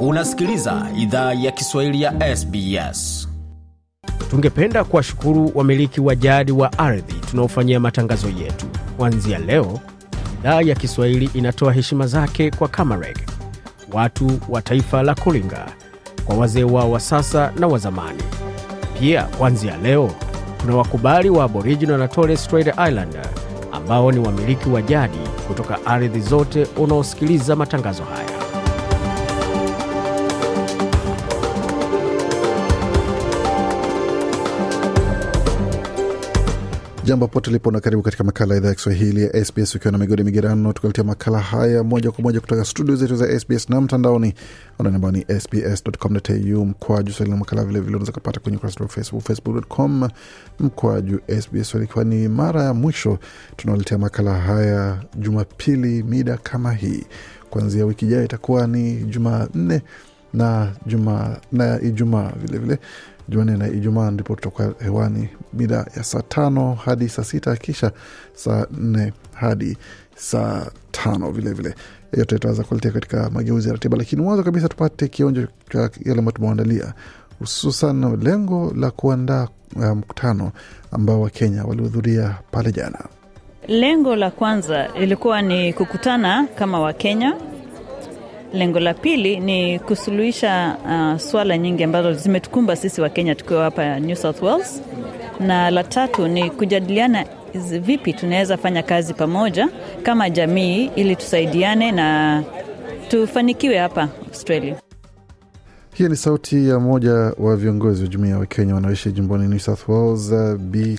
Unasikiliza idhaa ya Kiswahili ya SBS. Tungependa kuwashukuru wamiliki wa jadi wa ardhi tunaofanyia matangazo yetu. Kuanzia leo, idhaa ya Kiswahili inatoa heshima zake kwa Kamareg, watu wa taifa la Kulinga, kwa wazee wao wa sasa na wazamani Pia kuanzia leo kuna wakubali wa Aboriginal na Torres Strait island ambao ni wamiliki wa jadi kutoka ardhi zote unaosikiliza matangazo haya. Jambo pote lipo na karibu katika makala ya idhaa ya Kiswahili ya SBS ukiwa na migodi migerano, tukaletia makala haya moja kwa moja kutoka studio zetu za SBS na mtandaoni ambao ni sbs.com.au mkwaju swahili na makala vilevile unaweza kupata kwenye ukurasa wa Facebook, facebook.com mkwaju SBS. Ikiwa ni mara ya mwisho tunawaletea makala haya Jumapili mida kama hii, kuanzia wiki ijayo itakuwa ni Jumanne na Ijumaa vilevile Jumanne na Ijumaa ndipo tutakuwa hewani mida ya saa tano hadi saa sita kisha saa nne hadi saa tano vilevile vile. Yote tutaweza kuletea katika mageuzi ya ratiba, lakini mwanzo kabisa tupate kionjo cha yale ambayo tumeandalia, hususan lengo la kuandaa eh, mkutano um, ambao Wakenya walihudhuria pale jana. Lengo la kwanza ilikuwa ni kukutana kama Wakenya Lengo la pili ni kusuluhisha uh, swala nyingi ambazo zimetukumba sisi wa Kenya tukiwa hapa New South Wales, na la tatu ni kujadiliana vipi tunaweza fanya kazi pamoja kama jamii ili tusaidiane na tufanikiwe hapa Australia hii ni sauti ya mmoja wa viongozi wa jumuiya ya Wakenya wanaoishi jimboni New South Wales,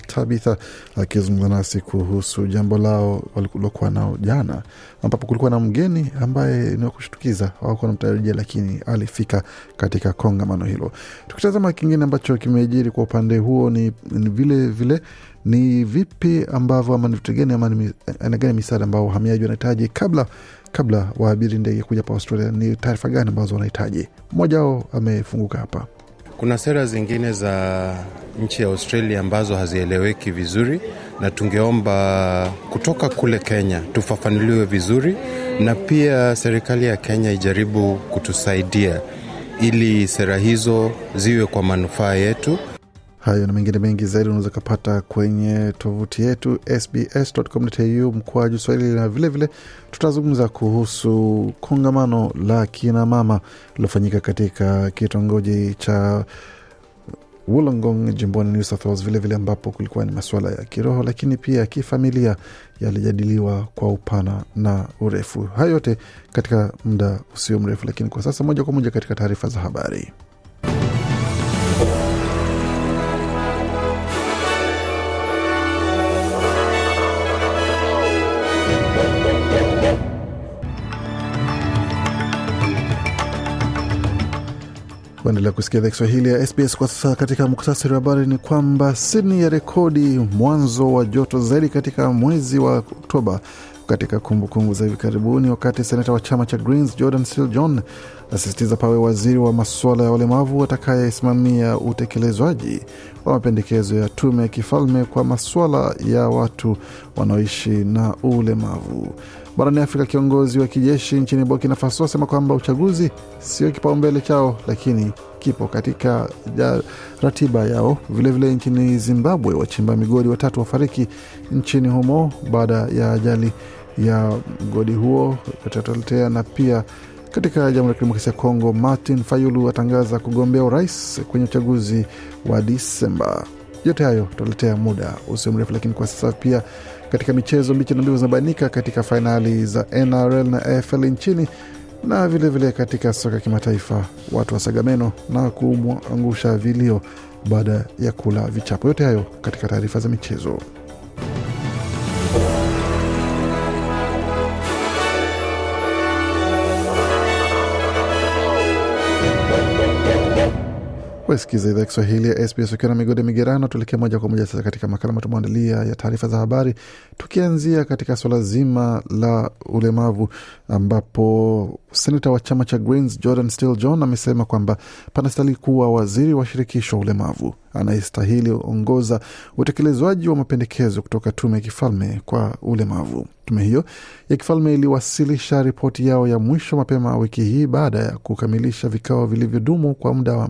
Tabitha akizungumza nasi kuhusu jambo lao walilokuwa nao jana, ambapo kulikuwa na mgeni ambaye ni wa kushtukiza, hawakuwa mtarajia, lakini alifika katika kongamano hilo. Tukitazama kingine ambacho kimejiri kwa upande huo ni, ni vile vile ni vipi ambavyo ama ni vitu gani ama aina gani misaada ambao wahamiaji wanahitaji kabla kabla waabiri ndege kuja pa Australia, ni taarifa gani ambazo wanahitaji? Mmoja wao amefunguka hapa. Kuna sera zingine za nchi ya Australia ambazo hazieleweki vizuri, na tungeomba kutoka kule Kenya tufafanuliwe vizuri, na pia serikali ya Kenya ijaribu kutusaidia ili sera hizo ziwe kwa manufaa yetu Hayo na mengine mengi zaidi unaweza ukapata kwenye tovuti yetu sbs.com.au mkwaju Swahili, na vilevile tutazungumza kuhusu kongamano la kina mama lilofanyika katika kitongoji cha Wollongong jimboni New South Wales, vilevile ambapo kulikuwa ni masuala ya kiroho lakini pia kifamilia yalijadiliwa kwa upana na urefu. Hayo yote katika muda usio mrefu, lakini kwa sasa moja kwa moja katika taarifa za habari. Kuendelea kusikia idhaa Kiswahili ya SBS kwa sasa. Katika muktasari wa habari ni kwamba Sydney ya rekodi mwanzo wa joto zaidi katika mwezi wa Oktoba katika kumbukumbu za hivi karibuni, wakati seneta wa chama cha Greens Jordan Stil John asisitiza pawe waziri wa masuala ya walemavu atakayesimamia utekelezwaji wa mapendekezo ya tume ya kifalme kwa masuala ya watu wanaoishi na ulemavu. Barani Afrika, kiongozi wa kijeshi nchini Burkina Faso asema kwamba uchaguzi sio kipaumbele chao, lakini kipo katika ja, ratiba yao. Vilevile vile nchini Zimbabwe, wachimba migodi watatu wafariki nchini humo baada ya ajali ya mgodi huo yatatoletea. Na pia katika Jamhuri ya Kidemokrasia ya Kongo, Martin Fayulu atangaza kugombea urais kwenye uchaguzi wa Disemba. Yote hayo tutaletea muda usio mrefu, lakini kwa sasa pia katika michezo, mbichi na mbivu zinabainika katika fainali za NRL na AFL nchini na vilevile vile katika soka ya kimataifa, watu wasagameno meno na kumwangusha vilio baada ya kula vichapo. Yote hayo katika taarifa za michezo. Wasikiza idhaa Kiswahili ya SBS ukiwa na migode migerano. tuelekee moja kwa moja sasa katika makala matumeandalia ya taarifa za habari, tukianzia katika swala zima la ulemavu, ambapo senata wa chama cha Greens Jordan Steele John amesema kwamba panastahili kuwa waziri wa shirikisho ulemavu anayestahili ongoza utekelezwaji wa mapendekezo kutoka tume ya kifalme kwa ulemavu. Tume hiyo ya kifalme iliwasilisha ripoti yao ya mwisho mapema wiki hii baada ya kukamilisha vikao vilivyodumu kwa muda wa,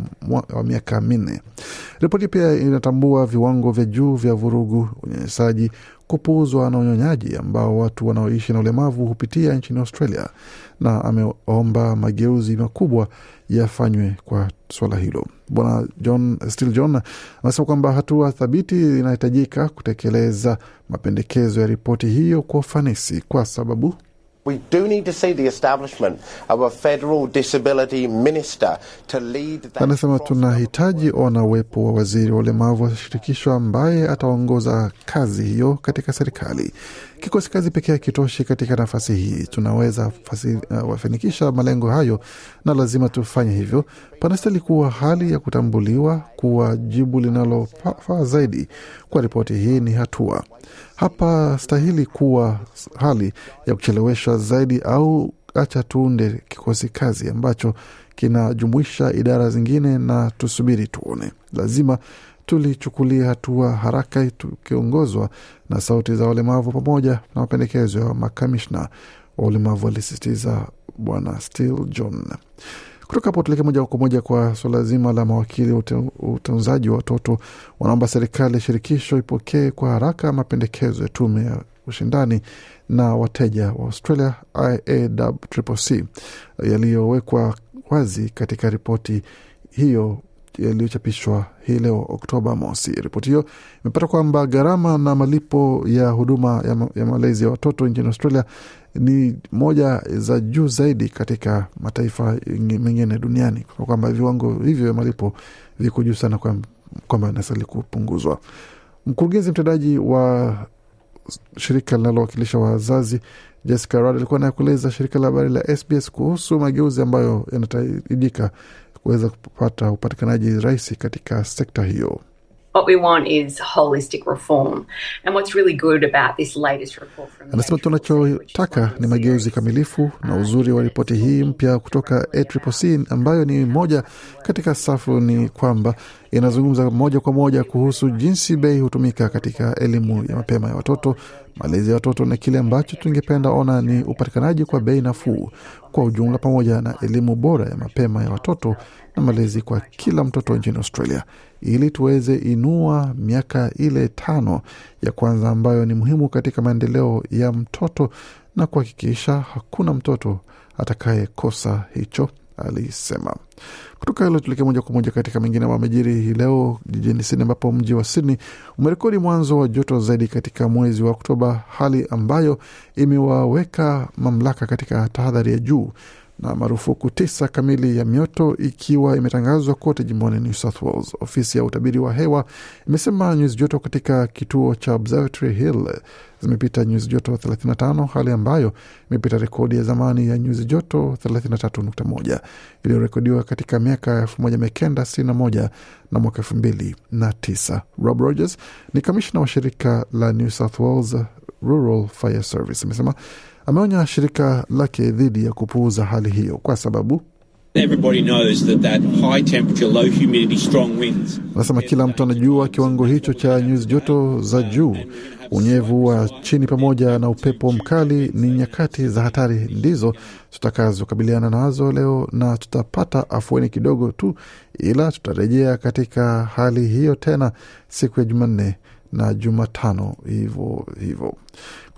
wa miaka minne. Ripoti pia inatambua viwango vya juu vya vurugu, unyanyasaji, kupuuzwa na unyonyaji ambao watu wanaoishi na ulemavu hupitia nchini Australia, na ameomba mageuzi makubwa yafanywe kwa swala hilo. Bwana John Still John amesema kwamba hatua thabiti inahitajika kutekeleza mapendekezo ya ripoti hiyo kwa ufanisi, kwa sababu We do need to see the establishment of a federal disability minister to lead that. Anasema tunahitaji ona uwepo wa waziri wa ulemavu wa shirikisho ambaye ataongoza kazi hiyo katika serikali. Kikosi kazi pekee hakitoshi katika nafasi hii. Tunaweza uh, wafanikisha uh, malengo hayo na lazima tufanye hivyo. Panastahili kuwa hali ya kutambuliwa kuwa jibu linalofaa zaidi kwa ripoti hii. Ni hatua hapa stahili kuwa hali ya kucheleweshwa zaidi au acha tuunde kikosi kazi ambacho kinajumuisha idara zingine na tusubiri tuone. Lazima tulichukulia hatua haraka tukiongozwa na sauti za walemavu pamoja na mapendekezo ya makamishna wa ulemavu, alisisitiza Bwana stil John. Kutoka hapo tulekee moja kwa moja kwa suala zima la mawakili wa utunzaji wa watoto. Wanaomba serikali ya shirikisho ipokee kwa haraka mapendekezo ya tume ya ushindani na wateja wa Australia iac yaliyowekwa wazi katika ripoti hiyo yaliyochapishwa hii leo Oktoba mosi. Ripoti hiyo imepata kwamba gharama na malipo ya huduma ya, ma ya malezi ya watoto nchini Australia ni moja za juu zaidi katika mataifa mengine duniani, kwa kwamba viwango hivyo vya malipo viko juu sana, kwamba inastahili kupunguzwa. Mkurugenzi mtendaji wa shirika linalowakilisha wazazi Jessica Rad alikuwa naye kueleza shirika la habari la SBS kuhusu mageuzi ambayo yanahitajika kuweza kupata upatikanaji rahisi katika sekta hiyo. Anasema tunachotaka ni mageuzi kamilifu, na uzuri wa ripoti hii mpya kutoka ACCC ambayo ni moja katika safu ni kwamba inazungumza moja kwa moja kuhusu jinsi bei hutumika katika elimu ya mapema ya watoto, malezi ya watoto na kile ambacho tungependa ona ni upatikanaji kwa bei nafuu kwa ujumla, pamoja na elimu bora ya mapema ya watoto na malezi kwa kila mtoto nchini Australia, ili tuweze inua miaka ile tano ya kwanza ambayo ni muhimu katika maendeleo ya mtoto na kuhakikisha hakuna mtoto atakayekosa hicho, alisema. Kutoka hilo tulekee moja kwa moja katika mengine amejiri hii leo jijini Sydney, ambapo mji wa Sydney umerekodi mwanzo wa joto zaidi katika mwezi wa Oktoba, hali ambayo imewaweka mamlaka katika tahadhari ya juu na marufuku tisa kamili ya mioto ikiwa imetangazwa kote jimboni New South Wales. Ofisi ya utabiri wa hewa imesema nyuzi joto katika kituo cha Observatory Hill zimepita nyuzi joto 35, hali ambayo imepita rekodi ya zamani ya nyuzi joto 33.1 iliyorekodiwa katika miaka 1961 na mwaka 2009. Rob Rogers ni kamishna wa shirika la New South Wales Rural Fire Service amesema ameonya shirika lake dhidi ya kupuuza hali hiyo kwa sababu anasema kila mtu anajua kiwango hicho cha nyuzi joto za juu, unyevu wa chini, pamoja na upepo mkali ni nyakati za hatari, ndizo tutakazokabiliana nazo leo, na tutapata afueni kidogo tu, ila tutarejea katika hali hiyo tena siku ya Jumanne na Jumatano, hivo hivo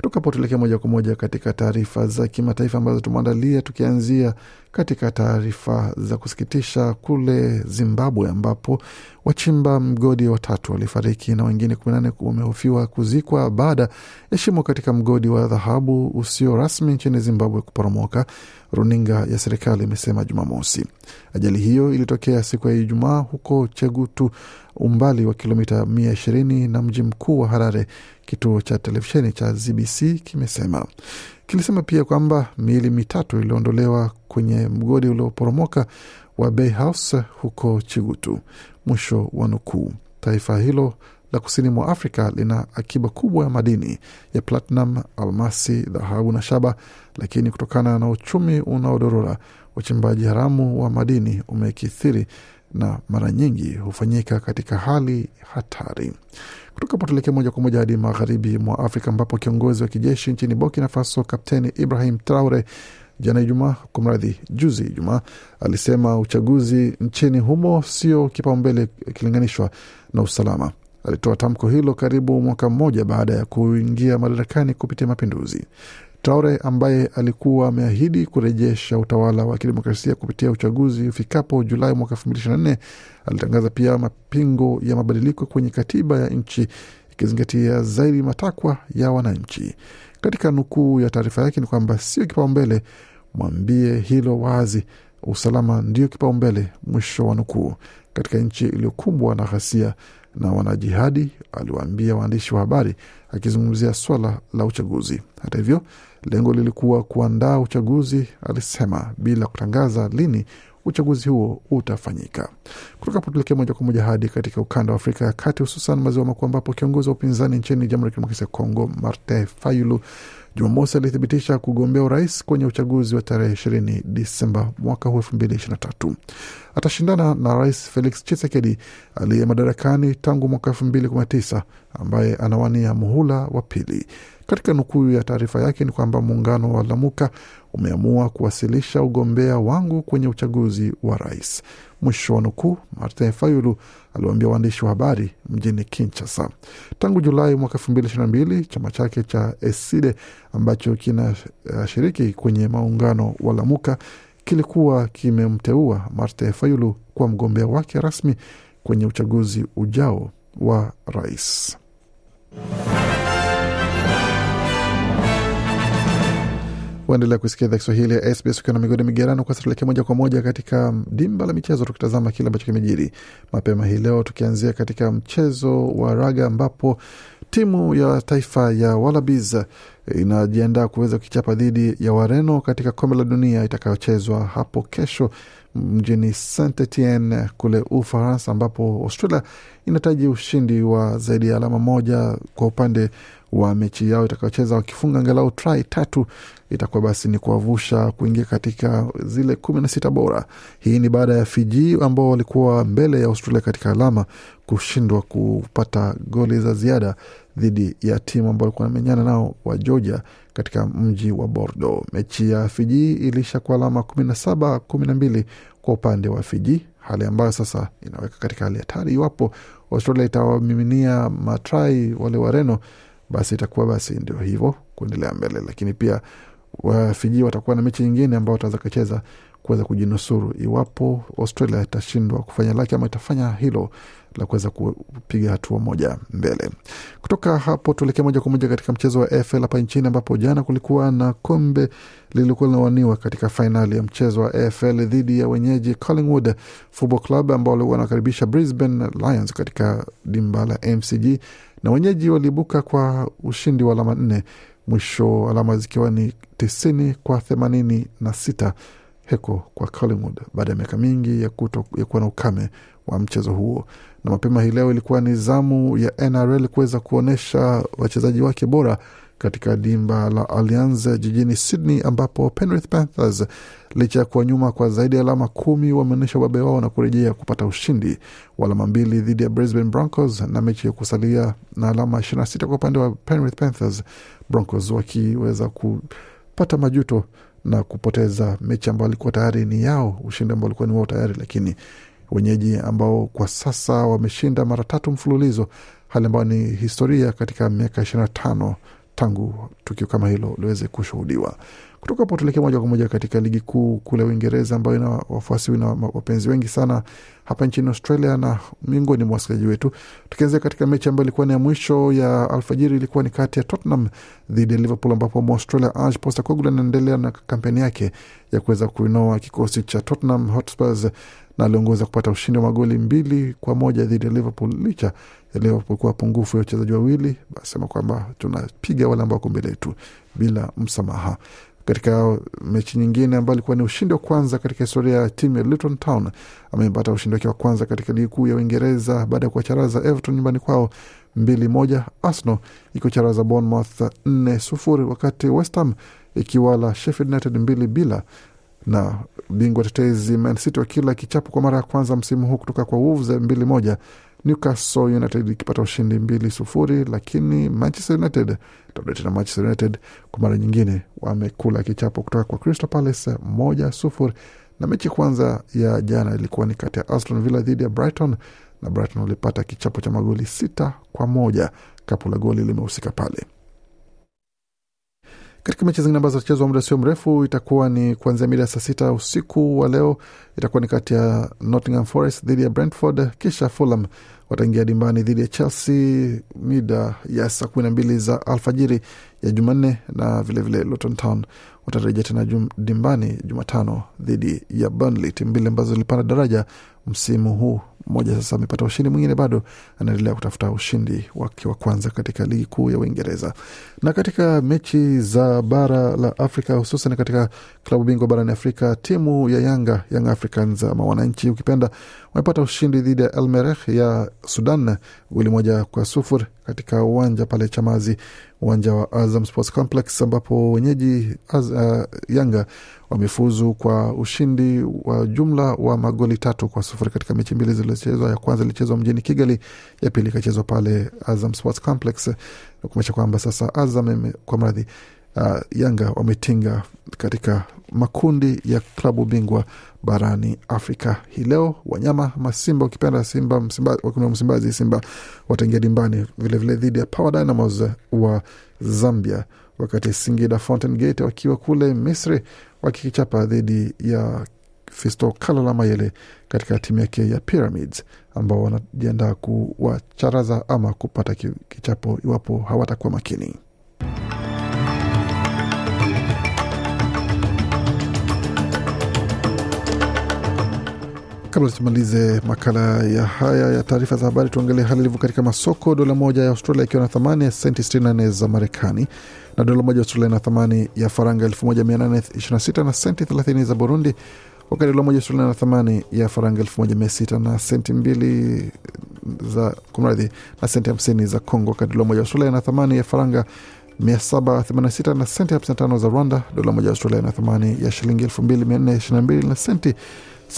Tukapo tuelekea moja kwa moja katika taarifa za kimataifa ambazo tumeandalia, tukianzia katika taarifa za kusikitisha kule Zimbabwe ambapo wachimba mgodi watatu walifariki na wengine 18 wamehofiwa kuzikwa baada ya shimo katika mgodi wa dhahabu usio rasmi nchini Zimbabwe kuporomoka, runinga ya serikali imesema Jumamosi. Ajali hiyo ilitokea siku ya Ijumaa huko Chegutu, umbali wa kilomita 120 na mji mkuu wa Harare, Kituo cha televisheni cha ZBC kimesema. Kilisema pia kwamba miili mitatu iliondolewa kwenye mgodi ulioporomoka wa Bay House huko Chigutu. Mwisho wa nukuu. Taifa hilo la kusini mwa Afrika lina akiba kubwa ya madini ya platinum, almasi, dhahabu na shaba, lakini kutokana na uchumi unaodorora, uchimbaji haramu wa madini umekithiri na mara nyingi hufanyika katika hali hatari. Kutoka potulekea moja kwa moja hadi magharibi mwa Afrika ambapo kiongozi wa kijeshi nchini Burkina Faso Kapteni Ibrahim Traore jana Ijumaa, kumradhi, juzi Ijumaa, alisema uchaguzi nchini humo sio kipaumbele ikilinganishwa na usalama. Alitoa tamko hilo karibu mwaka mmoja baada ya kuingia madarakani kupitia mapinduzi. Traore ambaye alikuwa ameahidi kurejesha utawala wa kidemokrasia kupitia uchaguzi ufikapo Julai mwaka 2024 alitangaza pia mapingo ya mabadiliko kwenye katiba ya nchi ikizingatia zaidi matakwa ya wananchi. Katika nukuu ya taarifa yake ni kwamba sio kipaumbele, mwambie hilo wazi, usalama ndio kipaumbele, mwisho wa nukuu, katika nchi iliyokumbwa na ghasia na wanajihadi, aliwaambia waandishi wa habari akizungumzia swala la uchaguzi. Hata hivyo, lengo lilikuwa kuandaa uchaguzi, alisema, bila kutangaza lini uchaguzi huo utafanyika. Kutoka hapo tuelekea moja kwa moja hadi katika ukanda wa Afrika ya Kati, hususan maziwa makuu, ambapo kiongozi wa upinzani nchini Jamhuri ya Kidemokrasia ya Kongo Martin Fayulu Jumamosi alithibitisha kugombea urais kwenye uchaguzi wa tarehe ishirini Disemba mwaka huu elfu mbili ishirini na tatu. Atashindana na Rais Felix Chisekedi aliye madarakani tangu mwaka elfu mbili kumi na tisa ambaye anawania muhula wa pili. Katika nukuu ya taarifa yake ni kwamba muungano wa Lamuka umeamua kuwasilisha ugombea wangu kwenye uchaguzi wa rais, mwisho wa nukuu. Martin Fayulu aliwaambia waandishi wa habari mjini Kinshasa. Tangu Julai mwaka elfu mbili ishirini na mbili chama chake cha Eside ambacho kinashiriki kwenye maungano wa Lamuka kilikuwa kimemteua Martin Fayulu kuwa mgombea wake rasmi kwenye uchaguzi ujao wa rais. kuendelea kusikia idhaa Kiswahili ya SBS ukiwa na migodi migerano. Kwa satulekea moja kwa moja katika mm, dimba la michezo, tukitazama kile ambacho kimejiri mapema hii leo, tukianzia katika mchezo wa raga ambapo timu ya taifa ya Wallabies inajiandaa kuweza kukichapa dhidi ya Wareno katika kombe la dunia itakayochezwa hapo kesho mm, mjini Saint Etienne kule Ufaransa, ambapo Australia inahitaji ushindi wa zaidi ya alama moja kwa upande wa mechi yao itakayocheza wakifunga angalau try tatu itakuwa basi ni kuwavusha kuingia katika zile kumi na sita bora. Hii ni baada ya Fiji ambao walikuwa mbele ya Australia katika alama kushindwa kupata goli za ziada dhidi ya timu ambao walikuwa wanamenyana nao wa Georgia katika mji wa bordo Mechi ya Fiji iliisha kwa alama kumi na saba kumi na mbili kwa upande wa Fiji, hali ambayo sasa inaweka katika hali hatari iwapo Australia itawamiminia matrai wale Wareno basi itakuwa basi ndio hivyo kuendelea mbele, lakini pia wafiji watakuwa na mechi nyingine ambao wataweza kucheza kuweza kujinusuru iwapo Australia itashindwa kufanya lake ama itafanya hilo la kuweza kupiga hatua moja mbele. Kutoka hapo tuelekee moja kwa moja katika mchezo wa AFL hapa nchini, ambapo jana kulikuwa na kombe lililokuwa linawaniwa katika fainali ya mchezo wa AFL dhidi ya wenyeji Collingwood Football Club ambao walikuwa wanakaribisha Brisbane Lions katika dimba la MCG na wenyeji waliibuka kwa ushindi wa alama nne, mwisho alama zikiwa ni tisini kwa themanini na sita heko kwa Collingwood baada ya miaka mingi ya, kuto, ya kuwa na ukame wa mchezo huo. Na mapema hii leo ilikuwa ni zamu ya NRL kuweza kuonyesha wachezaji wake bora katika dimba la Allianz jijini Sydney, ambapo Penrith Panthers licha ya kuwa nyuma kwa zaidi ya alama kumi wameonyesha ubabe wao na kurejea kupata ushindi wa alama mbili dhidi ya Brisbane Broncos na mechi ya kusalia na alama 26 kwa upande wa Penrith Panthers, Broncos wakiweza kupata majuto na kupoteza mechi ambayo alikuwa tayari ni yao, ushindi ambao alikuwa ni wao tayari, lakini wenyeji ambao kwa sasa wameshinda mara tatu mfululizo, hali ambayo ni historia katika miaka tano tangu tukio kama hilo liweze kushuhudiwa. Kutoka hapo tulekee moja kwa moja katika ligi kuu kule Uingereza ambayo ina wafuasi na wapenzi wengi sana hapa nchini Australia na miongoni mwa wasikilizaji wetu. Tukianzia katika mechi ambayo ilikuwa ni ya mwisho ya alfajiri, ilikuwa ni kati ya Tottenham dhidi ya Liverpool, ambapo Mwaustralia Ange Postecoglou anaendelea na kampeni yake ya kuweza kuinoa kikosi cha Tottenham Hotspurs na aliongoza kupata ushindi wa magoli mbili kwa moja dhidi ya Liverpool licha ya Liverpool kuwa pungufu ya wachezaji wawili. Basema kwamba tunapiga wale ambao wako mbele yetu bila msamaha. Katika mechi nyingine ambayo ilikuwa ni ushindi wa kwanza katika historia ya timu ya Luton Town, amepata ushindi wake wa kwanza katika ligi kuu ya Uingereza baada ya kuwacharaza Everton nyumbani kwao mbili moja. Arsenal ikiwacharaza Bournemouth nne sufuri, wakati West Ham ikiwala Sheffield United mbili bila na bingwa tetezi Man City wakila kichapo kwa mara ya kwanza msimu huu kutoka kwa Wolves mbili moja, Newcastle United ikipata ushindi mbili sufuri, lakini Manchester United tena Manchester United kwa mara nyingine wamekula kichapo kutoka kwa Crystal Palace moja sufuri, na mechi kwanza ya jana ilikuwa ni kati ya Aston Villa dhidi ya Brighton na Brighton walipata kichapo cha magoli sita kwa moja. Kapu la goli limehusika pale. Katika mechi zingine ambazo zitachezwa muda sio mrefu, itakuwa ni kuanzia mida ya saa sita usiku wa leo, itakuwa ni kati ya Nottingham Forest dhidi ya Brentford, kisha Fulham wataingia dimbani dhidi ya Chelsea mida ya saa kumi na mbili za alfajiri ya Jumanne, na vilevile vile Luton Town watarejea tena jum, dimbani Jumatano dhidi ya Burnley, timu mbili ambazo zilipanda daraja msimu huu mmoja sasa amepata ushindi, mwingine bado anaendelea kutafuta ushindi wake wa kwanza katika ligi kuu ya Uingereza. Na katika mechi za bara la Afrika, hususan katika klabu bingwa barani Afrika, timu ya Yanga, Young Africans ama wananchi ukipenda, wamepata ushindi dhidi ya Elmereh ya Sudan goli moja kwa sufuri katika uwanja pale Chamazi, uwanja wa Azam Sports Complex, ambapo wenyeji az, uh, Yanga wamefuzu kwa ushindi wa jumla wa magoli tatu kwa sufuri katika mechi mbili zilizochezwa. Ya kwanza ilichezwa mjini Kigali, ya pili ikachezwa pale Azam Sports Complex, kumaanisha kwamba sasa Azam kwa mradhi uh, Yanga wametinga katika makundi ya klabu bingwa barani Afrika hii leo. Wanyama Masimba ukipenda Simba Msimbazi, Msimbazi Simba wataingia dimbani vilevile dhidi ya Power Dynamos wa Zambia, wakati Singida Fountain Gate wakiwa kule Misri wakikichapa dhidi ya Fisto Kalala Mayele katika timu yake ya Pyramids ambao wanajiandaa kuwacharaza ama kupata kichapo iwapo hawatakuwa makini. Kabla tumalize makala ya haya ya taarifa za habari, tuangalie hali ilivyo katika masoko. Dola moja ya Australia ikiwa na thamani ya senti 64 za Marekani, na dola moja ya Australia na thamani ya faranga 1826 na senti 30 za Burundi, wakati dola moja ya Australia na thamani ya faranga 1600 na senti mbili za kumradhi, na senti 50 za Congo, wakati dola moja ya Australia na thamani ya faranga 786 na senti 55 za Rwanda. Dola moja ya Australia na thamani ya shilingi 2422 na senti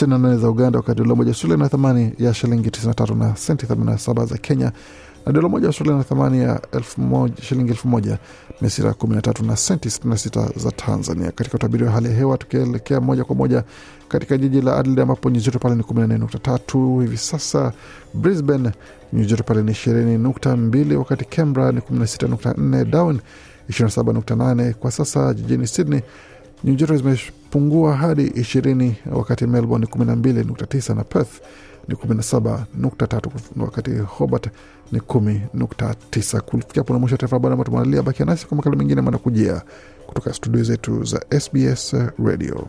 68 za Uganda, wakati dola moja Australia na thamani ya shilingi 93 na senti 87 za Kenya, na dola moja Australia na thamani ya elfu moja, shilingi 13 na senti 66 za Tanzania. Katika utabiri wa hali ya hewa, tukielekea moja kwa moja katika jiji la Adelaide ambapo nyuzi joto pale ni 14.3 hivi sasa. Brisbane nyuzi joto pale ni 20.2, wakati Canberra ni 16.4, Darwin 27.8 kwa sasa. Jijini Sydney New zimepungua hadi 20 wakati Melbourne ni 12.9 na Perth ni 17.3 wakati Hobart ni 10.9. Kufikia hapo na mwisho taarifa habari ambayo tumeandalia. Bakia nasi kwa makala mengine manakujia kutoka studio zetu za SBS Radio.